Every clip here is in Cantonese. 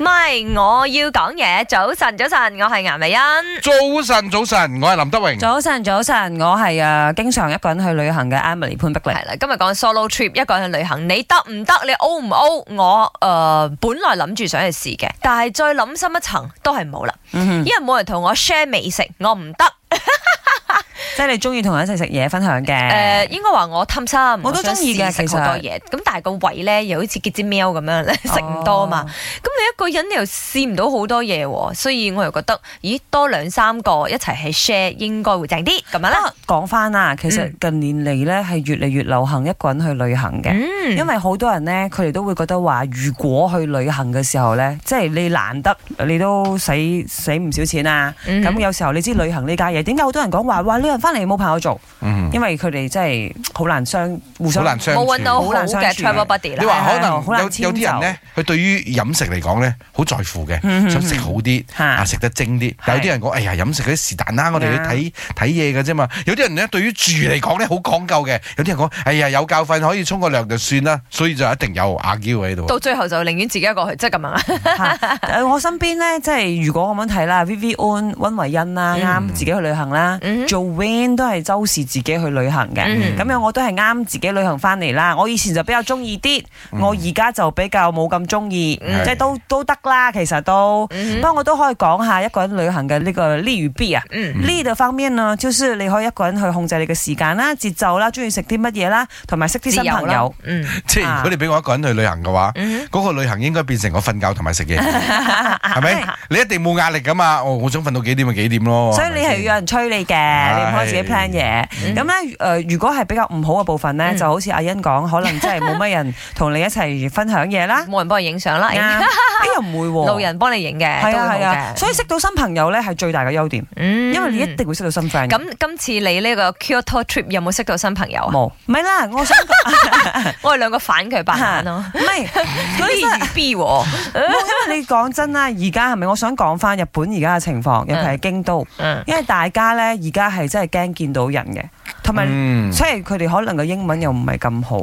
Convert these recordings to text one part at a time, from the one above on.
唔係，我要講嘢。早晨，早晨，我係顏美欣。早晨，早晨，我係林德榮。早晨，早晨，我係誒、呃、經常一個人去旅行嘅 Emily 潘碧麗。係啦，今日講 Solo Trip 一個人去旅行，你得唔得？你 O 唔 O？我誒、呃、本來諗住想去試嘅，但係再諗深一層都係冇啦。因為冇人同我 share 美食，我唔得。 即係你中意同人一齊食嘢分享嘅？誒、呃，應該話我貪心，我都中意嘅。食好多嘢，咁，但係個胃咧又好似幾隻喵咁樣，食唔多嘛。咁、哦、你？個人又試唔到好多嘢，所以我又覺得，咦，多兩三個一齊係 share 應該會正啲咁樣啦，講翻啦，其實近年嚟咧係越嚟越流行一個人去旅行嘅，嗯、因為好多人咧，佢哋都會覺得話，如果去旅行嘅時候咧，即係你難得你都使使唔少錢啊！咁、嗯、有時候你知旅行呢家嘢，點解好多人講話，哇！旅行翻嚟冇朋友做，嗯、因為佢哋真係好難相互相，冇揾到好嘅 travel、um、buddy 啦。你話可能有啲人咧，佢對於飲食嚟講咧。好在乎嘅，想食好啲，啊食得精啲。但係有啲人講，哎呀，飲食嗰啲是但啦，我哋去睇睇嘢嘅啫嘛。有啲人咧，對於住嚟講咧，好講究嘅。有啲人講，哎呀，有覺瞓可以沖個涼就算啦。所以就一定有阿嬌喺度。到最後就寧願自己一個去，即係咁樣。我身邊咧，即係如果我咁樣睇啦，Vivian 溫維欣啦，啱自己去旅行啦。Joanne 都係周時自己去旅行嘅。咁樣我都係啱自己旅行翻嚟啦。我以前就比較中意啲，我而家就比較冇咁中意，即係都。都得啦，其實都，不過我都可以講下一個人旅行嘅呢個利與弊啊。呢度方面啊，就是你可以一個人去控制你嘅時間啦、節奏啦、中意食啲乜嘢啦，同埋識啲新朋友。即係如果你俾我一個人去旅行嘅話，嗰個旅行應該變成我瞓覺同埋食嘢，係咪？你一定冇壓力噶嘛？我想瞓到幾點咪幾點咯。所以你係要有人催你嘅，你唔可以自己 plan 嘢。咁咧，誒，如果係比較唔好嘅部分咧，就好似阿欣講，可能真係冇乜人同你一齊分享嘢啦，冇人幫你影相啦。哎又唔會喎，路人幫你影嘅，係啊係啊，所以識到新朋友咧係最大嘅優點，因為你一定會識到新 friend。咁今次你呢個 Kyoto trip 有冇識到新朋友啊？冇，唔係啦，我想我哋兩個反佢白眼咯，唔係所以 B 喎。因為你講真啦，而家係咪？我想講翻日本而家嘅情況，尤其係京都，因為大家咧而家係真係驚見到人嘅，同埋所以佢哋可能嘅英文又唔係咁好，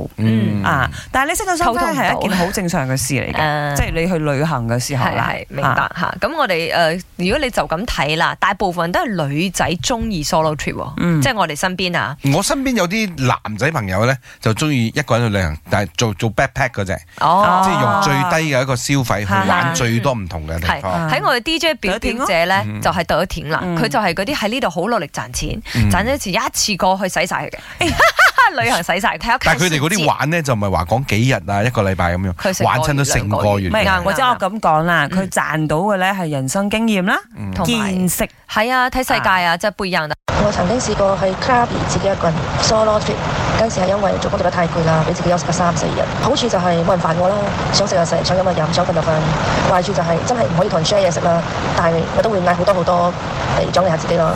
啊。但係你識到新 friend 係一件好正常嘅事嚟嘅，即係你去旅。行嘅時候啦，明白吓。咁我哋誒，如果你就咁睇啦，大部分都係女仔中意 solo trip，即係我哋身邊啊。我身邊有啲男仔朋友咧，就中意一個人去旅行，但係做做 backpack 嗰隻，即係用最低嘅一個消費去玩最多唔同嘅地方。喺我哋 DJ 表演者咧，就係稻田啦。佢就係嗰啲喺呢度好努力賺錢，賺咗一次一次過去洗晒嘅。旅行使晒，但係佢哋嗰啲玩咧就唔係話講幾日啊，一個禮拜咁樣玩親都成個月。唔係啊，我只係咁講啦，佢賺到嘅咧係人生經驗啦，同見識係啊，睇世界啊，即係背人。啊。我曾經試過去 club 自己一個人 Solo trip，嗰時係因為做工作太攰啦，俾自己休息咗三四日。好處就係冇人煩我啦，想食就食，想飲就飲，想瞓就瞓。壞處就係真係唔可以同人 share 嘢食啦，但係我都會嗌好多好多嚟獎勵下自己咯。